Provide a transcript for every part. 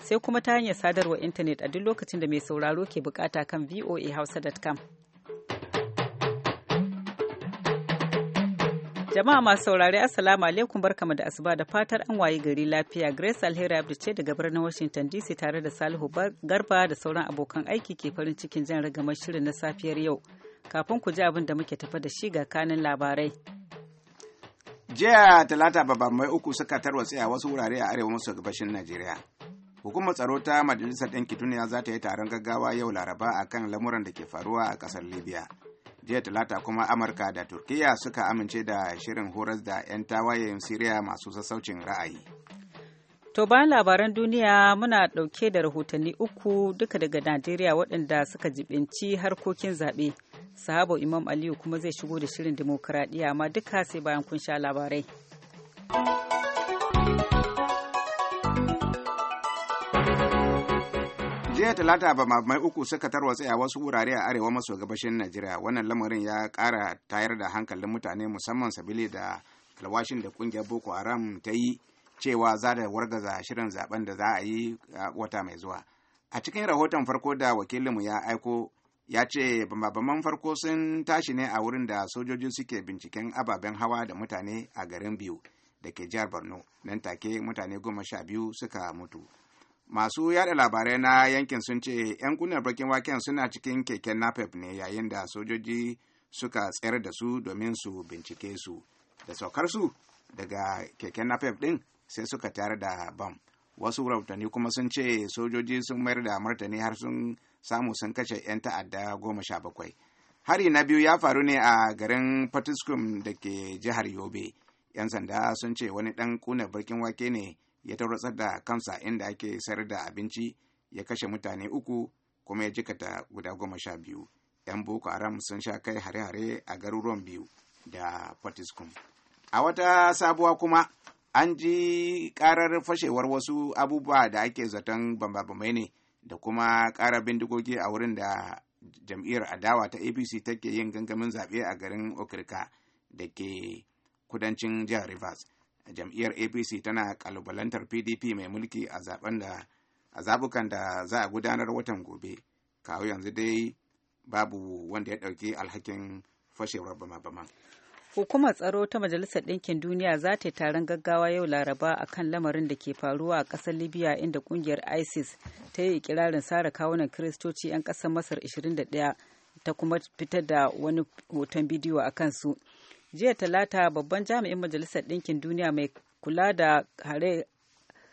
sai kuma ta hanyar sadarwa intanet a duk lokacin da mai sauraro ke bukata kan voahausa.com. Jama'a masu saurare Assalamu alaikum barkamu da asuba da fatar an wayi gari lafiya Grace Alheri Abdu ce daga birnin Washington DC tare da Salihu Garba da sauran abokan aiki ke farin cikin jan ragamar shirin na safiyar yau. Kafin ku ji abin da muke tafa da shi ga kanin labarai. Jiya Talata babban mai uku suka tarwatsa a wasu wurare a arewa maso gabashin Najeriya. hukumar tsaro ta majalisar ɗinki duniya za ta yi taron gaggawa yau laraba a kan lamuran da ke faruwa a ƙasar libya jiya talata kuma amurka da turkiya suka amince da shirin horas da 'yan tawayen siriya masu sassaucin ra'ayi to bayan labaran duniya muna ɗauke da rahotanni uku duka daga najeriya waɗanda suka jibinci harkokin zaɓe sahabo imam aliyu kuma zai shigo da shirin dimokuraɗiyya amma duka sai bayan kun sha labarai jiya talata ba mai uku suka tarwa a wasu wurare a arewa maso gabashin najeriya wannan lamarin ya kara tayar da hankalin mutane musamman sabili da alwashin da kungiyar boko haram ta yi cewa za da wargaza shirin zaben da za a yi wata mai zuwa a cikin rahoton farko da wakilinmu ya aiko ya ce bambaman farko sun tashi ne a wurin da sojoji suke binciken ababen hawa da mutane a garin biyu da ke jihar borno nan take mutane goma sha biyu suka mutu masu yada labarai na yankin sun ce 'yan kunar bakin waken suna cikin keken napep ne yayin da sojoji suka tsayar da su domin su bincike su da saukar su daga keken napep din sai suka tare da bam wasu rahotanni kuma sun ce sojoji sun mayar da martani har sun samu sun kashe 'yan ta'adda goma sha bakwai hari na biyu ya faru ne a garin patiskum da ke jihar yobe 'yan sanda sun ce wani dan kunar bakin wake ne ya tauratsar da kansa inda ake sayar da abinci ya kashe mutane uku kuma ya jikata guda goma sha biyu 'yan boko haram sun sha kai hare-hare a garuruwan biyu da potiskum. a wata sabuwa kuma an ji karar fashewar wasu abubuwa da ake zaton bambamai ne da kuma karar bindigogi a wurin da jam'iyyar adawa ta apc take yin gangamin zaɓe a garin okirka da ke kudancin jihar rivers jam'iyyar apc tana kalubalantar pdp mai mulki a zabukan da za a gudanar watan gobe kawo yanzu dai babu wanda ya ɗauki alhakin fashewar bama-bama hukumar tsaro ta majalisar ɗinkin duniya za ta yi taron gaggawa yau laraba a kan lamarin da ke faruwa a ƙasar libya inda ƙungiyar isis ta yi ikirarin sare kawunan kiristoci 'yan ƙasar masar 21 ta kuma fitar da wani hoton bidiyo a kansu. jiya talata babban jami'in majalisar ɗinkin duniya mai kula da hare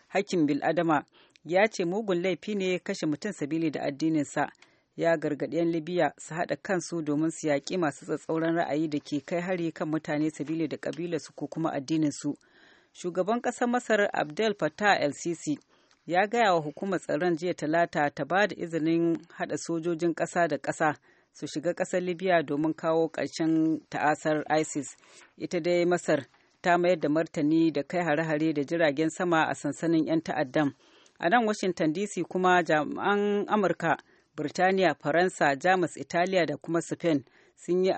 hakkin biladama ya ce mugun laifi ne kashe mutum sabili da addininsa ya gargaɗi 'yan libya su haɗa kansu domin su yaƙi masu tsatsauran ra'ayi da ke kai hari kan mutane sabili da ƙabilarsu ko kuma addininsu shugaban ƙasar masar abdel fattah el sisi ya gaya wa hukumar tsaron jiya talata ta ba da izinin haɗa sojojin ƙasa da ƙasa su shiga ƙasar libya domin kawo ƙarshen ta'asar isis ita dai masar ta mayar da martani da kai hare-hare da jiragen sama a sansanin 'yan ta'addan a nan washington dc kuma jami'an amurka birtaniya faransa jamus italiya da kuma spain sun yi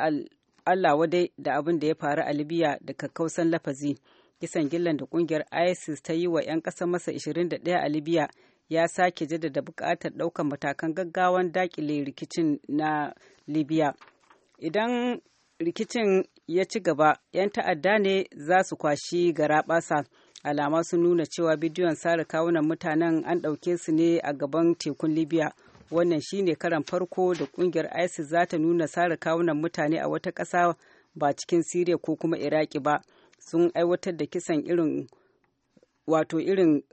allah wadai da abin da ya faru a libya da kakkausan lafazi kisan gillan da kungiyar isis ta yi wa 'yan ƙasar masa 21 a libya ya sake jaddada bukatar daukan matakan gaggawan dakile rikicin na libya idan rikicin ya ci gaba 'yan ta'adda ne za su kwashi garaɓasa alama sun nuna cewa bidiyon sare kawunan mutanen an ɗauke su ne a gaban tekun libya wannan shine karan farko da kungiyar isis za ta nuna sare kawunan mutane a wata ƙasa ba cikin siriya ko kuma iraki ba sun aiwatar da kisan irin wato irin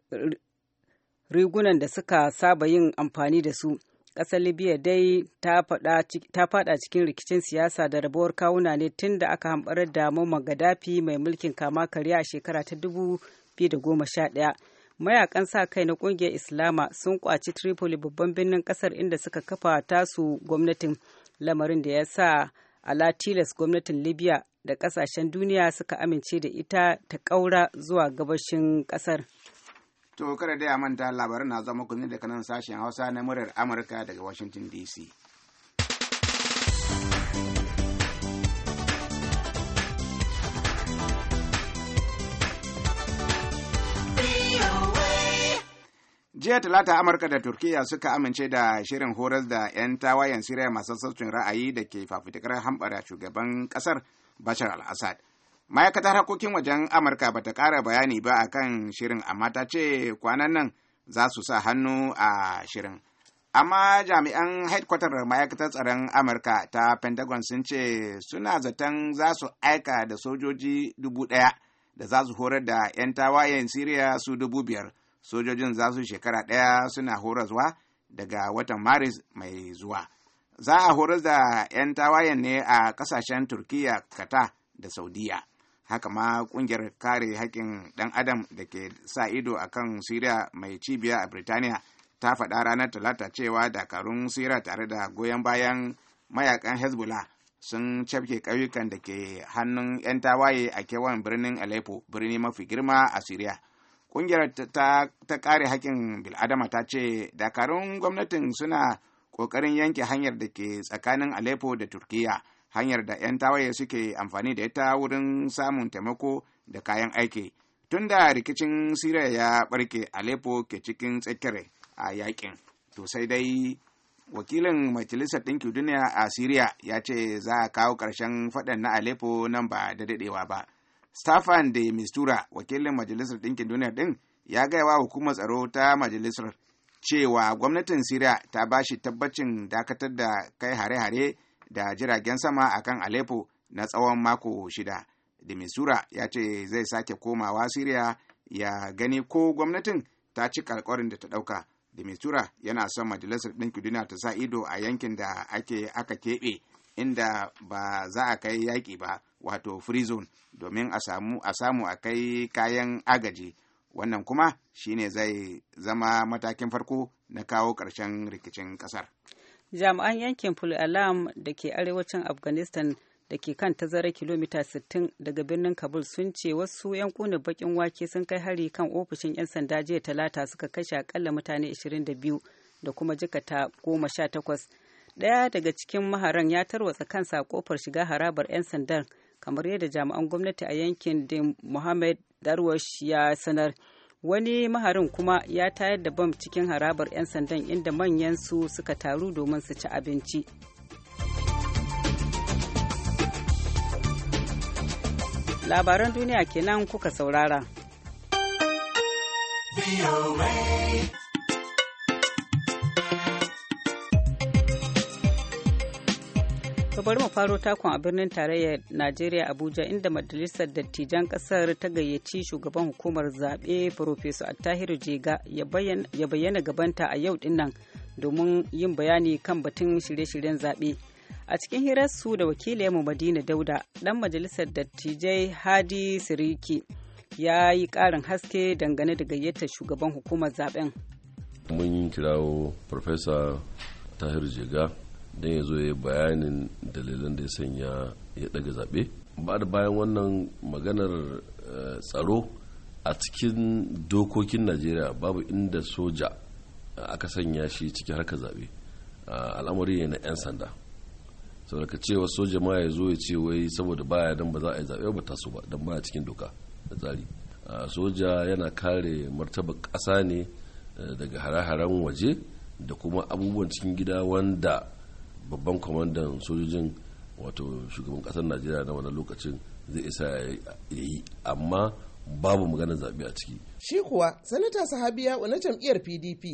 rigunan da suka saba yin amfani da su ƙasar libya dai ta fada cikin rikicin siyasa da rabuwar kawuna ne tun da aka hambar da mamman gaddafi mai mulkin kama karya a shekara ta 2011 mayakan sa kai na kungiyar islama sun kwaci tripoli babban birnin kasar inda suka kafa tasu gwamnatin lamarin da ya sa ala tilas gwamnatin libya da kasashen duniya suka amince da ita ta kaura zuwa gabashin kasar To kada da ya manta labarin na zama kunni daga nan sashen Hausa na murar Amurka daga Washington DC. jiya talata amurka da turkiya suka amince da shirin horar da 'yan tawayen siriya masu sassaucin ra'ayi da ke fafutukar hambara shugaban kasar bashar al-assad ma'aikatar harkokin wajen amurka bata ƙara bayani ba akan shirin amma ta ce kwanan nan za su sa hannu a shirin amma jami'an headquarter ma'aikatar tsaron amurka ta pentagon sun ce suna zaton za su aika da sojoji dubu ɗaya da za su horar da 'yan tawayen siriya su dubu biyar sojojin za su shekara ɗaya suna horarwa daga watan maris mai zuwa za a horar da 'yan tawayen ne a ƙasashen turkiya kata da saudiya haka ma kungiyar kare haƙƙin ɗan adam da ke sa ido a kan siriya mai cibiya a birtaniya ta faɗa ranar talata cewa dakarun siriya tare da goyon bayan mayakan hezbollah sun cafke ƙauyukan da ke hannun 'yan tawaye a kewan birnin aleppo birni mafi girma a siriya kungiyar ta, kare haƙƙin bil'adama ta ce dakarun gwamnatin suna ƙoƙarin yanke hanyar da ke tsakanin aleppo da turkiyya hanyar da 'yan tawaye suke amfani da ita wurin samun taimako da kayan aiki tun da rikicin siriya ya barke aleppo ke cikin tsakiyar a yakin to sai dai wakilin majalisar ɗinkin duniya a siriya ya ce za a kawo ƙarshen faɗan na aleppo nan ba da daɗewa ba staffan de mistura wakilin majalisar ɗinkin duniya ɗin ya gaya wa hukumar tsaro ta majalisar cewa gwamnatin siriya ta bashi tabbacin dakatar da kai hare-hare da jiragen sama a kan Aleppo na tsawon mako shida. dimisura ya ce zai sake komawa Siriya ya gani ko gwamnatin ta ci alkawarin da ta ɗauka. dimisura yana son majalisar ɗinki duniya ta sa ido a yankin da ake aka keɓe inda ba za a kai yaƙi ba wato free zone domin a samu a samu a kai kayan agaji wannan kuma shine zai zama matakin farko na kawo ƙarshen rikicin ƙasar. jami'an yankin alam da ke arewacin afghanistan da ke kan tazarar kilomita 60 daga birnin kabul sun ce wasu 'yan kuna bakin wake sun kai hari kan ofishin 'yan sanda jiya talata suka kashe akalla mutane 22 da kuma jikata 18 daya daga cikin maharan ya tarwatsa kansa kofar shiga harabar 'yan sandan kamar yadda jami'an gwamnati a yankin din muhammad darwash ya sanar wani maharin kuma ya tayar da bam cikin harabar 'yan sandan inda manyan su suka taru domin su ci abinci labaran duniya kenan kuka saurara. To bari mu faro takon a birnin tarayyar Najeriya Abuja inda majalisar dattijan kasar ta gayyaci shugaban hukumar zaɓe Profesa Attahiru Jega ya bayyana gabanta a yau dinnan domin yin bayani kan batun shirye-shiryen zaɓe. A cikin hirarsu da mu Madina Dauda, ɗan majalisar dattijai Hadi Siriki ya yi ƙarin haske dangane da gayyatar shugaban hukumar zaɓen. Mun kirawo Profesa Tahir Jega don ya zo ya bayanin dalilan da ya sanya ya daga zaɓe ba da bayan wannan maganar eh, tsaro a cikin dokokin najeriya babu inda soja eh, aka sanya shi cikin harkar zaɓe eh, al'amari ne na 'yan sanda saboda cewa soja ma ya zo ya ce wai saboda baya don ba za a yi zaɓe ba taso ba don baya cikin doka da tsari soja yana kare martabar ƙasa ne daga hare-haren waje da kuma abubuwan cikin gida wanda babban kwamandan sojojin wato shugaban kasar najeriya na wani lokacin zai isa ya yi amma babu magana zaɓe a ciki shi kuwa sanata sahabiya na jam'iyyar pdp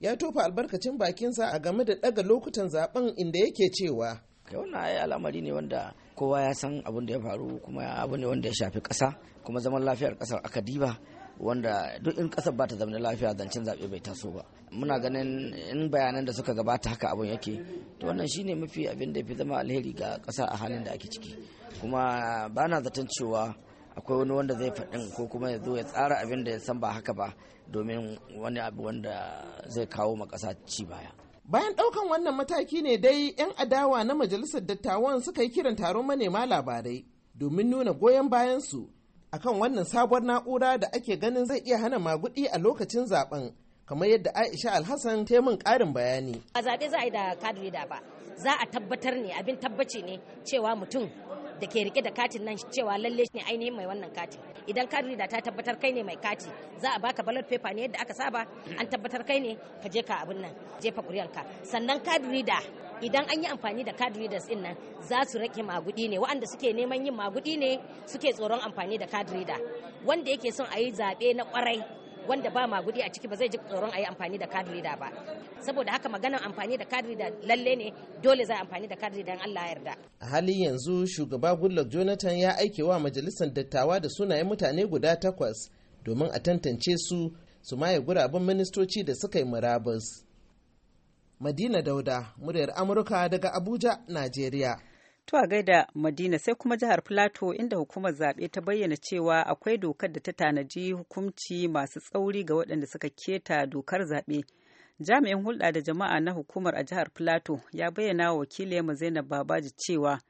ya tofa albarkacin bakinsa a game da ɗaga lokutan zaben inda yake cewa kai wannan ai al'amari ne wanda kowa ya san abin da ya faru kuma abu ne wanda ya shafi ƙasa kuma zaman lafiyar ƙasar aka diba wanda duk in kasar ba ta zama lafiya zancen zaɓe bai taso ba muna ganin in bayanan da suka gabata haka abun yake to wannan shine mafi abin da fi zama alheri ga ƙasa a halin da ake ciki kuma ba na zaton cewa akwai wani wanda zai faɗin ko kuma ya zo ya tsara abin da ya san ba haka ba domin wani abu wanda zai kawo ma ƙasa ci baya bayan ɗaukan wannan mataki ne dai 'yan adawa na majalisar dattawan suka yi kiran taron manema labarai domin nuna goyon bayansu akan wannan sabuwar na'ura da ake ganin zai iya hana magudi a lokacin zaben kamar yadda aisha alhassan ta min karin bayani a zaɓe za a yi da kadiri da ba za a tabbatar ne abin tabbaci ne cewa mutum da ke rike da katin nan cewa lalle ne ainihin mai wannan katin idan kadrida da ta tabbatar kai ne mai kati za a baka ballot paper ne yadda aka saba an tabbatar kai ne ka je ka abin nan jefa ƙuri'anka sannan kadrida. da idan an yi amfani da card readers din nan za su rake magudi ne waɗanda suke neman yin magudi ne suke tsoron amfani da card reader wanda yake son a yi zaɓe na kwarai wanda ba magudi a ciki ba zai ji tsoron a yi amfani da card reader ba saboda haka maganar amfani da card reader lalle ne dole za a amfani da card reader Allah yarda a halin yanzu shugaba Goodluck Jonathan ya aike wa majalisar dattawa da sunayen mutane guda takwas domin a tantance su su maye guraben ministoci da suka yi murabus Madina Dauda, muryar Amurka daga Abuja, Najeriya. To a gaida Madina sai kuma jihar Filato inda hukumar zaɓe ta bayyana cewa akwai dokar da ta tanaji hukumci masu tsauri ga waɗanda suka keta dokar zaɓe. Jami'in hulɗa da jama'a na hukumar a jihar Filato ya bayyana wa mu Zainab Babaji cewa.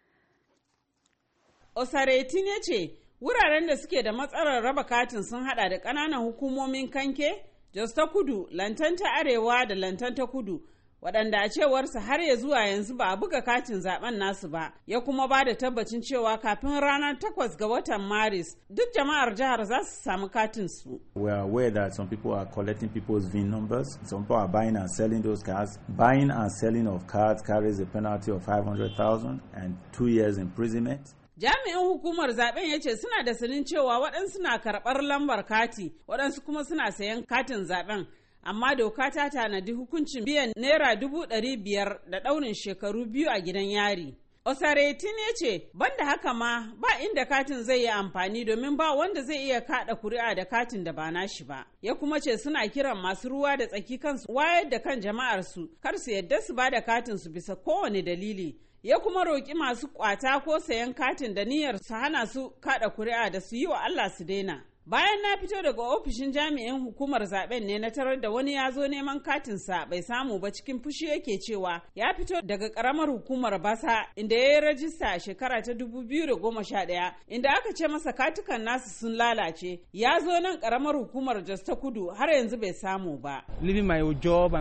Osaretin ya ce wuraren da suke da matsalar raba katin sun hada da ƙananan hukumomin Kanke, Jos ta Kudu, lantanta Arewa da lantanta Kudu waɗanda a cewarsa har ya zuwa yanzu ba a buga katin zaben nasu ba ya kuma ba da tabbacin cewa kafin ranar takwas ga watan maris duk jama'ar jihar za su samu katin su. we are aware that some people are collecting people's vin numbers some people are buying and selling those cards buying and selling of cards carries a penalty of 500,000 and two years imprisonment jami'in hukumar zaben ya ce suna da sanin cewa waɗansu na karɓar lambar kati waɗansu kuma suna sayan katin zaben amma doka ta tanadi hukuncin biyan naira dubu ɗari biyar da ɗaurin shekaru biyu a gidan yari. osareti ya ce, banda haka ma ba inda katin zai yi amfani domin ba wanda zai iya kaɗa kuri'a da katin da ba nashi ba. Ya kuma ce suna kiran masu ruwa da tsaki kansu wayar da kan jama'arsu kar su yadda su ba da katin su bisa kowane dalili. Ya kuma roƙi masu kwata ko sayan katin da niyyar su hana su kaɗa kuri'a da su yi wa Allah su daina. bayan na fito daga ofishin jami'in hukumar zaben ne na tarar da wani ya zo neman katinsa bai samu ba cikin fushi yake cewa ya fito daga karamar hukumar basa inda ya yi rajista a shekara ta 2011 inda aka ce masa katukan nasu sun lalace ya zo nan karamar hukumar jos ta kudu har yanzu bai samu ba leaving my job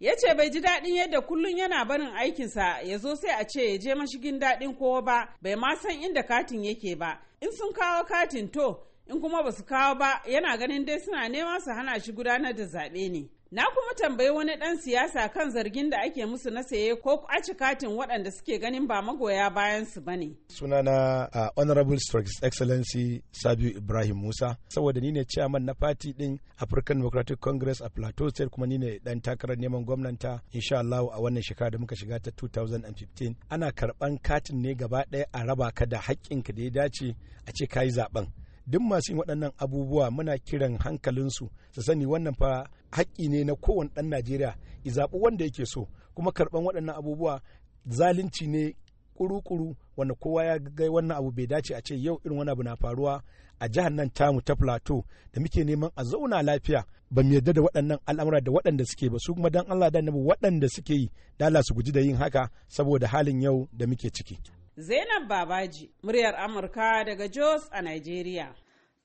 ya ce bai ji daɗin yadda kullum yana barin aikinsa ya zo sai a ce ya je mashigin daɗin kowa ba bai ma san inda katin yake ba in sun kawo katin to in kuma ba su kawo ba yana ganin dai suna neman su hana shi gudanar da zaɓe ne Na kuma tambayi wani ɗan siyasa kan zargin da ake musu na saye ko kwaci katin waɗanda suke ganin ba magoya bayan su ba ne. Sunana uh, Honorable Strikes Excellency Sabiu Ibrahim Musa. Saboda ni ne chairman na fati ɗin African Democratic Congress a Plateau State kuma ni ne ɗan takarar neman gwamnanta insha Allah a wannan shekara da muka shiga ta 2015. Ana karɓan katin ne gaba ɗaya a raba ka da haƙƙinka da ya dace a ce ka yi zaɓen. duk masu yin waɗannan abubuwa muna kiran hankalinsu su sani wannan fa haƙƙi ne na kowane ɗan najeriya i zaɓi wanda yake so kuma karɓan waɗannan abubuwa zalunci ne kuru-kuru wanda kowa ya ga wannan abu bai dace a ce yau irin wani abu na faruwa a jihar nan tamu ta plateau da muke neman a zauna lafiya ba mu yarda da waɗannan al'amura da waɗanda suke ba su kuma dan Allah da nabi waɗanda suke yi dala su guji da yin haka saboda halin yau da muke ciki Zainab Babaji muryar Amurka daga Jos a Nigeria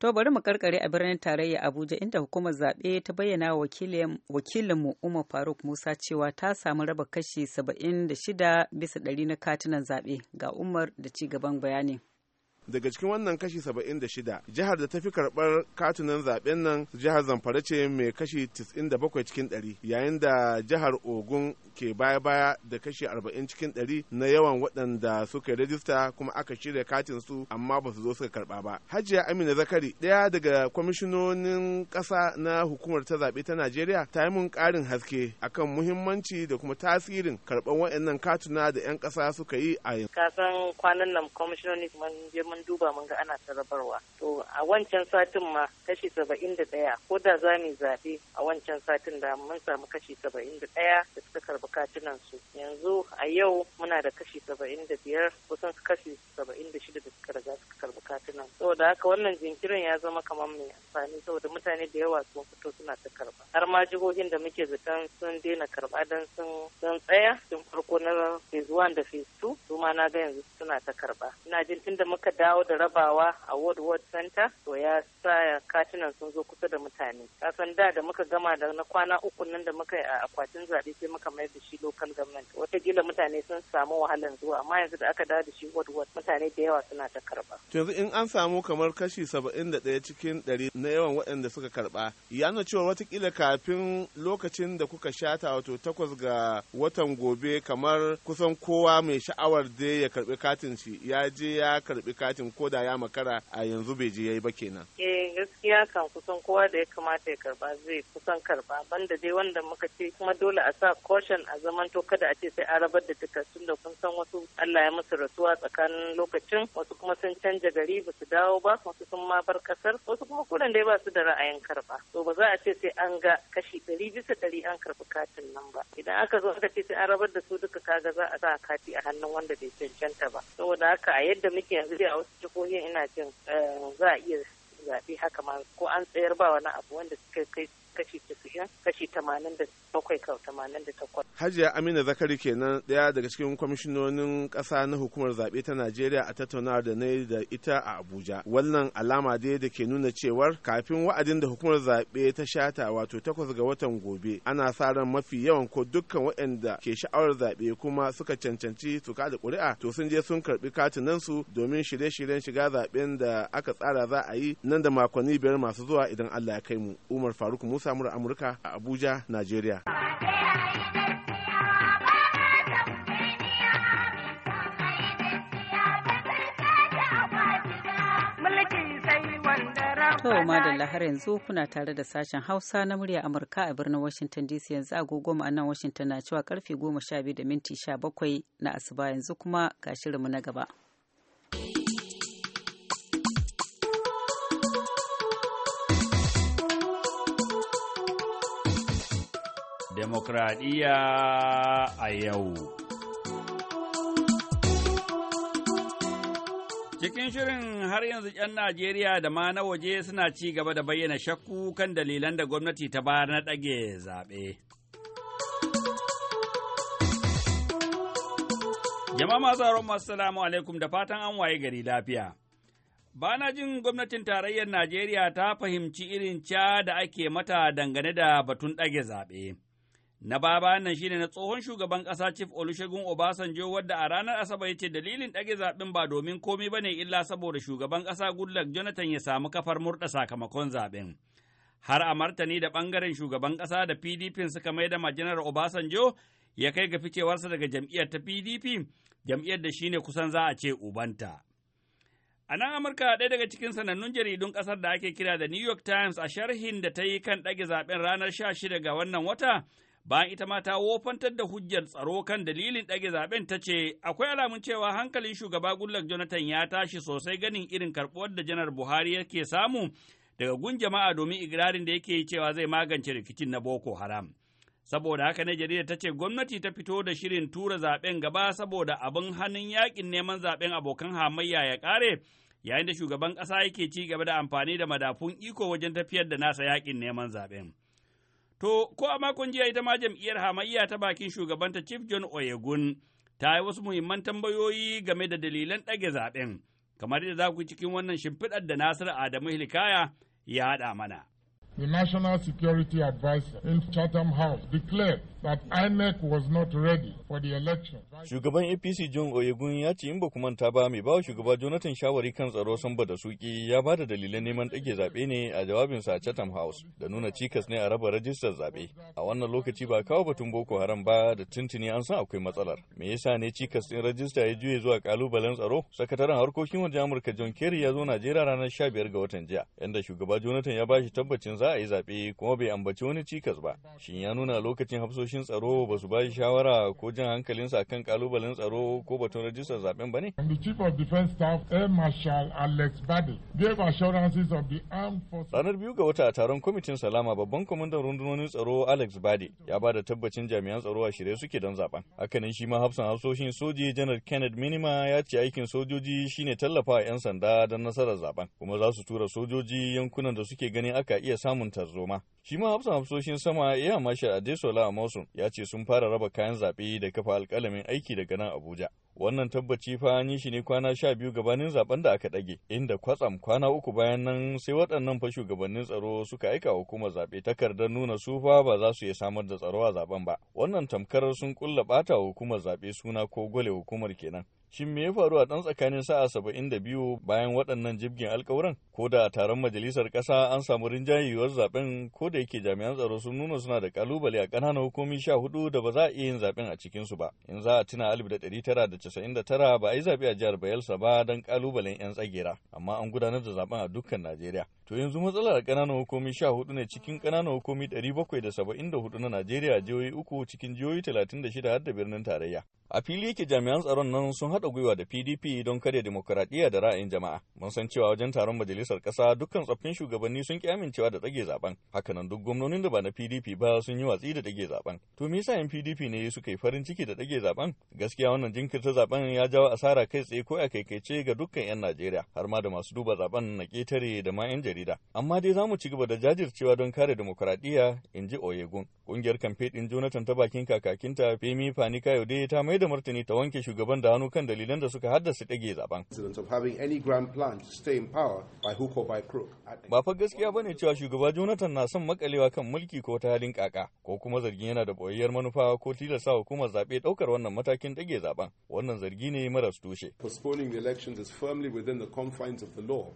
To bari mu karkare a birnin tarayya Abuja inda hukumar zaɓe ta bayyana wa wakilin mu Umar Faruk Musa cewa ta samu raba kashi 76 bisa ɗari na katunan zaɓe ga Umar da ci gaban bayani. daga cikin wannan kashi 76 jihar da ta fi karɓar katunan zaben nan jihar zamfara ce mai kashi 97 cikin 100 yayin da jihar ogun ke baya-baya da kashi 40 cikin 100 na yawan waɗanda suka rajista kuma aka shirya katin su amma ba su zo suka karɓa ba hajiya amina zakari ɗaya daga kwamishinonin ƙasa na hukumar ta zaɓe ta najeriya ta yi mun ƙarin haske akan muhimmanci da kuma tasirin karɓar waɗannan katuna da 'yan ƙasa suka yi a yanzu. kasan kwanan nan kwamishinoni kuma mun duba mun ga ana sarrafarwa to a wancan satin ma kashi saba'in da ɗaya ko da za mu zaɓe a wancan satin da mun samu kashi saba'in da ɗaya da suka karɓi katunan su yanzu a yau muna da kashi saba'in da biyar kusan kashi saba'in da shida da suka riga suka karɓi katunan saboda haka wannan jinkirin ya zama kamar mai amfani saboda mutane da yawa sun fito suna ta karɓa har ma jihohin da muke zaton sun daina karɓa don sun tsaya tun farko na phase one da phase two su ma na ga yanzu suna ta karɓa ina jin tun da muka dawo da rabawa a World World Center to ya sa katunan sun zo kusa da mutane. Kasan da da muka gama da na kwana uku nan da muka yi a akwatin zaɓe sai muka mai da shi local government. gila mutane sun samu wahalan zuwa amma yanzu da aka dawo da shi World World mutane da yawa suna ta karɓa. Yanzu in an samu kamar kashi saba'in da ɗaya cikin ɗari na yawan waɗanda suka karɓa ya nuna cewa watakila kafin lokacin da kuka shata wato takwas ga watan gobe kamar kusan kowa mai sha'awar da ya karɓi katin shi ya je ya karɓi katin katin ko da ya makara a yanzu bai je yayi ba kenan eh gaskiya kan kusan kowa da ya kamata ya karba zai kusan karba banda dai wanda muka ce kuma dole a sa caution a zaman to kada a ce sai an rabar da takardun da kun san wasu Allah ya musu rasuwa tsakanin lokacin wasu kuma sun canja gari ba su dawo ba wasu sun ma bar kasar wasu kuma kudin dai ba su da ra'ayin karba to ba za a ce sai an ga kashi ɗari bisa ɗari an karbi katin nan ba idan aka zo aka ce sai an rabar da su duka kaga za a sa kati a hannun wanda bai cancanta ba saboda haka a yadda muke yanzu a wasu jihohin ina jin eh, za a iya zaɓe haka ma ko an tsayar ba wani abu wanda suka kai kashi kashi tamanin da bakwai ka tamanin da takwas. Hajiya Amina Zakari kenan ɗaya daga cikin kwamishinonin ƙasa na hukumar zaɓe ta Najeriya a tattaunawar da na yi da ita a Abuja. Wannan alama dai da ke nuna cewar kafin wa'adin da hukumar zaɓe ta shata wato takwas ga watan gobe ana sa ran mafi yawan ko dukkan waɗanda ke sha'awar zaɓe kuma suka cancanci su kada ƙuri'a to sun je sun karɓi katinan su domin shirye-shiryen shiga zaɓen da aka tsara za a yi nan da makonni biyar masu zuwa idan Allah ya kai mu. Umar Faruk Musa Musa Mura Amurka a Abuja, Najeriya. To madalla har yanzu kuna tare da sashen Hausa na murya Amurka a birnin Washington DC yanzu agogo a nan Washington na cewa karfe goma sha biyu da minti bakwai na asuba yanzu kuma ga shirinmu na gaba. demokradiyya a yau. Cikin shirin har yanzu ‘yan Najeriya da ma na waje suna ci gaba da bayyana shakku kan dalilan da gwamnati ta bayar na ɗage zaɓe. Jama'a masu haron masu salamu alaikum da fatan an waye gari lafiya. Ba na jin gwamnatin tarayyar Najeriya ta fahimci irin ca da ake mata dangane da batun ɗage zaɓe. Na baba nan shine na tsohon shugaban ƙasa Chief Olusegun Obasanjo wadda a ranar Asabar ya ce dalilin ɗage zaɓen ba domin komai ba ne illa saboda shugaban ƙasa Goodluck Jonathan ya samu kafar murɗa sakamakon zaɓen. Har a martani da ɓangaren shugaban ƙasa da PDP suka mai da majanar Obasanjo ya kai ga ficewarsa daga jam'iyyar ta PDP, jam'iyyar da shine kusan za a ce ubanta. A nan Amurka ɗaya daga cikin sanannun jaridun ƙasar da ake kira da New York Times a sharhin da ta yi kan ɗage zaɓen ranar sha 16 ga wannan wata bayan ita ma ta wofantar da hujjar tsaro kan dalilin ɗage zaben ta ce akwai alamun cewa hankalin shugaba gullak Jonathan ya tashi sosai ganin irin karɓuwar da janar Buhari yake samu daga gun jama'a domin igirarin da yake cewa zai magance rikicin na Boko Haram. Saboda haka ne jarida ta ce gwamnati ta fito da shirin tura zaben gaba saboda abin hannun yakin neman zaben abokan hamayya ya ƙare yayin da shugaban ƙasa yake ci gaba da amfani da madafun iko wajen tafiyar da nasa yakin neman zaben. To, ko a makon jiya ita ma jam'iyyar hamayya ta bakin shugabanta Chief John Oyegun ta yi wasu muhimman tambayoyi game da dalilan ɗage zaɓen, kamar yadda za ku cikin wannan shimfiɗar da Nasiru Adamu Hilkaya ya haɗa mana. the National Security Advisor in Chatham House declared that INEC was not ready for the election. Shugaban APC John Oyegun ya ce in ba kuma ta ba mai bawa shugaba Jonathan shawari kan tsaro ba da suki ya ba da dalilan neman dage zaɓe ne a jawabinsa a Chatham House da nuna cikas ne a raba rajistar zabe A wannan lokaci ba kawo batun Boko Haram ba da tuntuni an san akwai matsalar. Me yasa ne cikas ɗin rajista ya juye zuwa kalubalen tsaro? Sakataren harkokin wajen Amurka John Kerry ya zo Najeriya ranar 15 ga watan jiya, inda shugaba Jonathan ya ba tabbacin za a yi zaɓe kuma bai ambaci wani cikas ba. Shin ya nuna lokacin hafsoshin tsaro ba su ba shawara ko jan hankalinsa kan kalubalen tsaro ko batun rajistar zaɓen ba ne? Ranar biyu ga wata a taron kwamitin salama babban kwamandan rundunonin tsaro Alex Bade ya ba da tabbacin jami'an tsaro a shirye suke don zaben. Hakanan shi ma hafsan hafsoshin soji janar Kenneth Minima ya ce aikin sojoji shine tallafa 'yan sanda don nasarar zaben kuma za su tura sojoji yankunan da suke ganin aka iya samun samun tarzoma. Shi ma hafsan hafsoshin sama ya mashar Adesola a Mosun ya ce sun fara raba kayan zaɓe da kafa alƙalamin aiki daga nan Abuja. Wannan tabbaci fa an yi shi ne kwana sha biyu gabanin zaɓen da aka ɗage, inda kwatsam kwana uku bayan nan sai waɗannan fa shugabannin tsaro suka aika hukumar zaɓe takardar nuna su fa ba za su iya samar da tsaro a zaɓen ba. Wannan tamkar sun ƙulla ɓata hukumar zaɓe suna ko gwale hukumar kenan. Shin me ya faru a ɗan tsakanin sa'a saba'in da biyu bayan waɗannan jibgin alkawuran? Ko da a taron majalisar ƙasa an samu rinjayewar zaben ko da yake jami'an tsaro sun nuna suna da kalubale a ƙananan hukumomi sha hudu da ba za a iya yin zaben a cikinsu ba. In za a tuna alif da ɗari tara da casa'in da tara ba a yi zaɓe a jihar Bayelsa ba don kalubalen 'yan tsagera, amma an gudanar da zaben a dukkan Najeriya. To yanzu matsalar kananan hukumi sha hudu ne cikin kananan hukumi ɗari bakwai da saba'in da hudu na Najeriya jihohi uku cikin jihohi talatin da shida har da birnin tarayya. A fili yake jami'an tsaron nan sun haɗa gwiwa da PDP don karya demokaradiyya da ra'ayin jama'a. Mun san cewa wajen taron majalisar ƙasa dukkan tsoffin shugabanni sun ki amincewa da ɗage zaben. Hakanan duk gwamnonin da ba na PDP ba sun yi watsi da ɗage zaben. To me yasa 'yan PDP ne suka yi farin ciki da ɗage zaben? Gaskiya wannan jinkirta zaben ya jawo asara kai tsaye ko a kaikaice ga dukkan 'yan Najeriya har ma da masu duba zaben na ƙetare da ma 'yan jarida. jarida. Amma dai za mu ci gaba da jajircewa don kare demokuraɗiyya, in ji Oyegun. Ƙungiyar kamfe ɗin Jonathan ta bakin kakakinta Femi Fanikayode ta mai da martani ta wanke shugaban da hannu kan dalilan da suka haddasa dage zaben. Ba fa gaskiya ba ne cewa shugaba Jonathan na son makalewa kan mulki ko ta halin kaka, ko kuma zargin yana da boyayyar manufa ko tilasta hukumar zaɓe ɗaukar wannan matakin ɗage zaben. Wannan zargi ne maras tushe.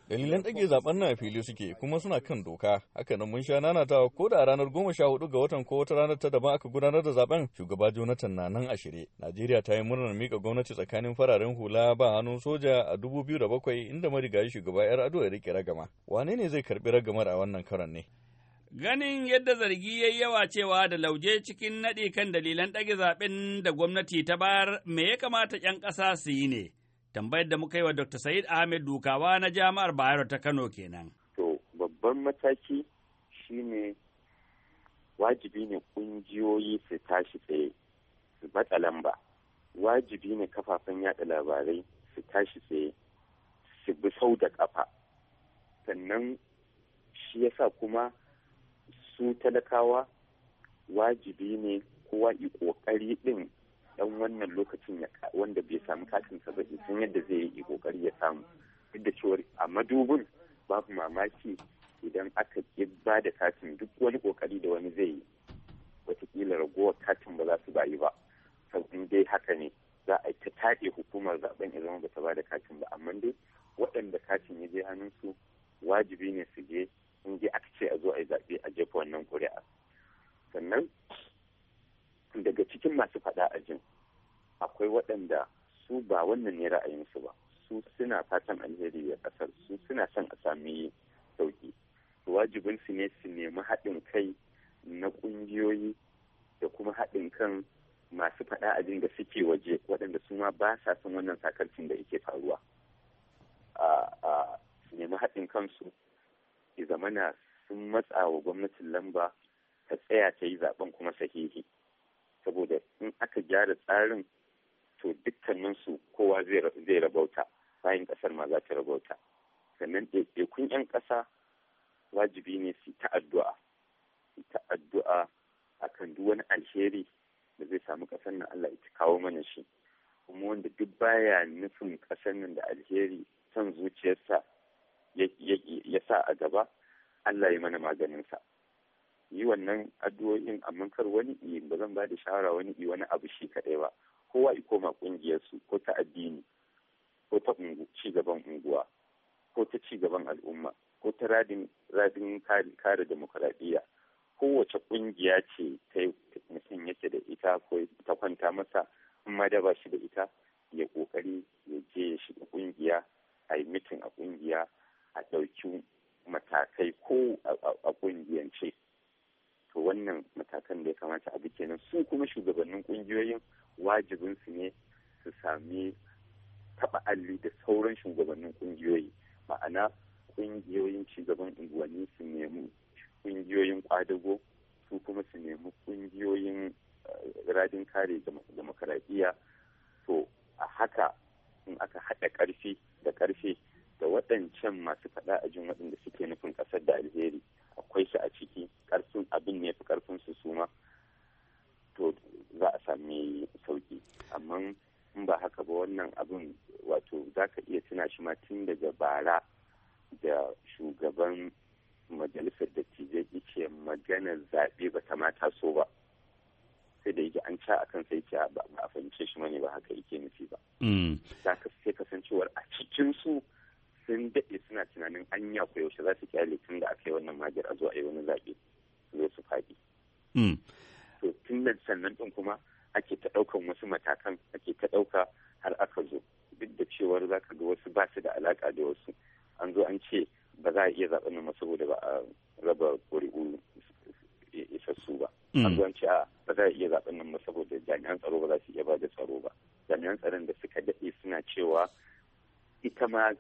Dalilan ɗage zaben na fili suke suke kuma suna kan doka hakanan mun sha ta ko da ranar goma sha hudu ga watan ko wata ranar ta daban aka gudanar da zaben shugaba jonathan na nan a shirye najeriya ta yi murnar mika gwamnati tsakanin fararen hula ba hannun soja a dubu biyu da bakwai inda marigayi shugaba yar ado ya rike ragama wane ne zai karbi ragamar a wannan karan ne ganin yadda zargi ya yi yawa cewa da lauje cikin naɗi kan dalilan ɗage zaɓen da gwamnati ta bayar me ya kamata 'yan ƙasa su yi ne tambayar da muka yi wa dr said ahmed dukawa na jami'ar bayero ta kano kenan babban mataki shine wajibi ne kungiyoyi su tashi tsaye su matsa lamba wajibi ne kafafen yada labarai su tashi tsaye su bi sau da kafa sannan shi yasa kuma su talakawa wajibi ne kowa yi kokari din dan wannan lokacin wanda bai samu katin ba san yadda zai yi kokari ya samu duk da cewar a madubin babu mamaki idan aka ba da katin duk wani kokari da wani zai yi watakila ragowar katin ba za su bayi ba sabon dai haka ne za a ta taɗe hukumar zaɓen ya zama bata ba da katin ba amma dai waɗanda katin ya je hannunsu wajibi ne su je in je aka ce a zo a yi zaɓe a jefa wannan ƙuri'a sannan daga cikin masu faɗa a jin akwai waɗanda su ba wannan ne ra'ayinsu ba su suna fatan alheri ya ƙasar su suna son a sami sauki wajibin su ne su nemi haɗin kai na ƙungiyoyi da kuma haɗin kan masu faɗa abin da suke waje waɗanda su ma ba sa son wannan sakarcin da yake faruwa a nemi haɗin kansu ya zamana sun matsa wa gwamnatin lamba ta tsaya ta yi zaben kuma sahihi saboda in aka gyara tsarin to dukkaninsu kowa zai rabauta bayan ƙasar ma za ta rabauta sannan ɗaiɗaikun 'yan ƙasa wajibi ne su ta addu'a su ta addu'a akan duk wani alheri da zai samu ƙasar nan Allah ya kawo mana shi kuma wanda duk baya nufin ƙasar nan da alheri son zuciyarsa ya sa a gaba Allah ya mana maganinsa yi wannan addu'o'in amma kar wani iya ba zan ba da shawara wani iya wani abu shi kaɗai ba kowa i koma ƙungiyarsu ko ta addini ko ta ci gaban unguwa ko ta ci gaban al'umma ko ta radin kare demokuraɗiyya kowace ƙungiya ce ta mutum yake da ita ko ta kwanta masa in da ba shi da ita ya ƙoƙari ya je ya shiga ƙungiya a yi mitin a ƙungiya a ɗauki matakai ko a ƙungiyance to wannan matakan da ya kamata a bi kenan su kuma shugabannin ƙungiyoyin wajibinsu ne su sami taɓa alli da sauran shugabannin ƙungiyoyi ma'ana ƙungiyoyin cigaban unguwanni su nemi ƙungiyoyin ƙwadago su kuma su nemi ƙungiyoyin eh, radin kare demokaradiyya to a haka in aka haɗa ƙarfi da ƙarfe da waɗancan masu faɗa a jin waɗanda suke nufin ƙasar da alheri akwai su a ciki ƙarfin abin ne fi ƙarfin su suma to za a sami sauki amma in ba haka ba wannan abin wato za ka iya tuna shi ma tun daga bara da shugaban majalisar dattijai yake magana zaɓe ba ta mata so ba sai da yake an ca akan sai ke ba a fahimce shi ne ba haka yake nufi ba mm. za ka sai kasancewar a cikin su sun daɗe suna tunanin anya ko yaushe za su kyale tun da aka yi wannan majar a zuwa a yi wani zaɓe zai su faɗi mm. to tun da sannan ɗin kuma ake ta ɗaukan wasu matakan ake ta ɗauka har aka zo duk da cewar za ka ga wasu ba su da alaƙa da wasu an zo an ce ba za a iya zaɓen nan saboda ba a raba ƙuri'u isassu ba mm. an zo an ce ba za a iya zaɓen nan saboda jami'an tsaro ba za su iya ba da tsaro ba jami'an tsaron da suka daɗe suna cewa ita ma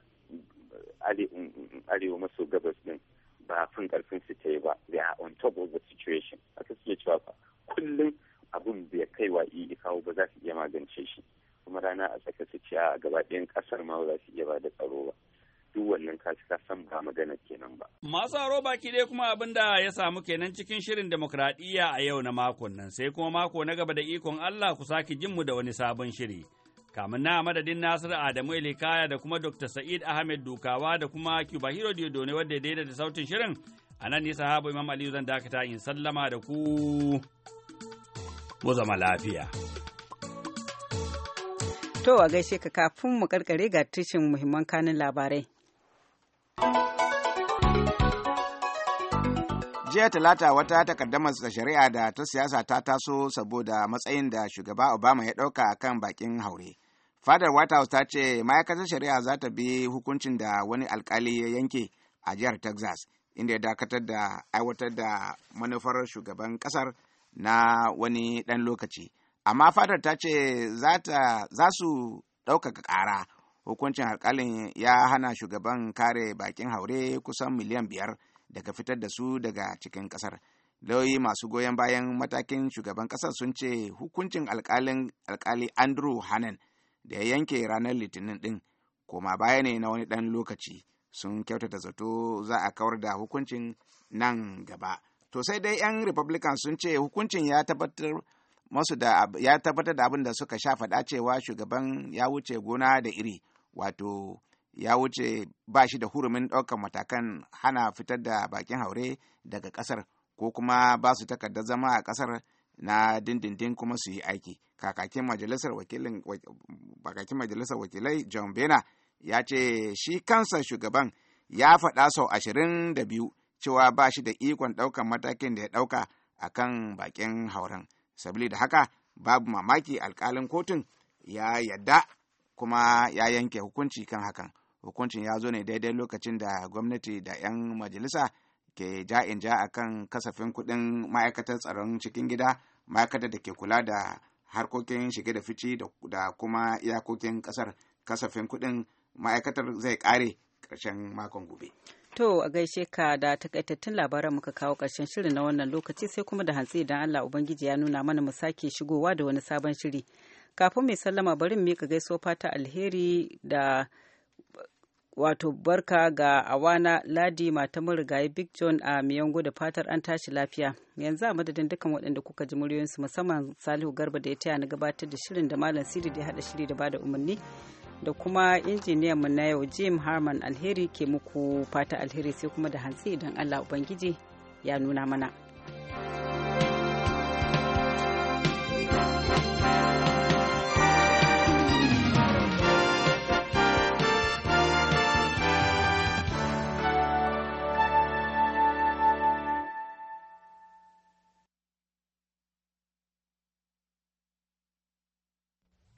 arewa maso gabas din ba fin ƙarfin su ta yi ba they are on top of the situation aka suke cewa ba kullum abun bai kai wa iya kawo ba za su iya magance shi kuma rana a tsaka su ce a gabaɗayan ƙasar ma ba za su iya ba da tsaro ba duk wannan ka san ba magana kenan ba. Masu haro baki dai kuma abin da ya samu kenan cikin shirin demokradiyya a yau na makon nan sai kuma mako na gaba da ikon Allah ku sake jin mu da wani sabon shiri. Kamun na madadin Nasir Adamu Ilikaya da kuma Dr. Sa'id Ahmed Dukawa da kuma Cuba Hiro Diodone wadda ya daidaita sautin shirin a nan ni sahabo Imam Aliyu zan dakata in sallama da ku mu zama lafiya. To a gaishe ka kafin mu karkare ga tushen muhimman kanin labarai. jiya talata wata takaddamar shari'a da ta siyasa ta taso saboda matsayin da shugaba obama ya ɗauka a kan bakin haure fadar white house ta ce ma'aikatar shari'a za ta bi hukuncin da wani alkali ya yanke a jihar texas inda ya dakatar da aiwatar da manufar shugaban kasar na wani ɗan lokaci amma fadar ta ce za su ɗaukaka ƙara hukuncin alkalin ya hana shugaban kare bakin haure kusan miliyan biyar daga fitar da su daga cikin kasar lauyi masu goyon bayan matakin shugaban kasar sun ce hukuncin alkalin alkali andrew hannan da ya yanke ranar litinin din koma baya ne na wani dan lokaci sun kyautata zato za a kawar da hukuncin nan gaba to sai dai 'yan republican sun ce hukuncin ya tabbatar masu da ya tabbatar da abin da suka sha faɗa cewa shugaban ya wuce gona da iri wato ya wuce ba shi da hurumin ɗaukar matakan hana fitar da bakin haure daga ƙasar ko kuma ba su takardar zama a ƙasar na dindindin kuma su yi aiki kakakin majalisar wakilai john bena ya ce shi kansa shugaban ya faɗa sau ashirin da biyu cewa ba shi da ikon ɗaukan matakin da ya ɗauka a kan bakin hauren sabili da haka babu mamaki alkalin kotun ya yadda kuma ya yanke hukunci kan hakan hukuncin ya zo ne daidai lokacin da gwamnati da 'yan majalisa ke ja'in ja a kan kasafin kuɗin ma'aikatar tsaron cikin gida ma'aikatar da ke kula da harkokin shige da fici da kuma iyakokin ƙasar kasafin kuɗin ma'aikatar zai kare ƙarshen makon gobe. To a gaishe ka da takaitattun labaran muka kawo ƙarshen shirin na wannan lokaci sai kuma da hantsi idan Allah Ubangiji ya nuna mana mu sake shigowa da wani sabon shiri. kafin mai sallama bari mika gaiso fata alheri da wato barka ga awana ladi mata marigayi big john a miyango da fatar an tashi lafiya yanzu a madadin dukkan waɗanda kuka ji muryoyinsu musamman salihu garba da ya taya na gabatar da shirin da malam siri da ya haɗa shiri da bada umarni da kuma injiniyan mu na yau jim harman alheri ke muku fata alheri sai kuma da hantsi idan allah ubangiji ya nuna mana.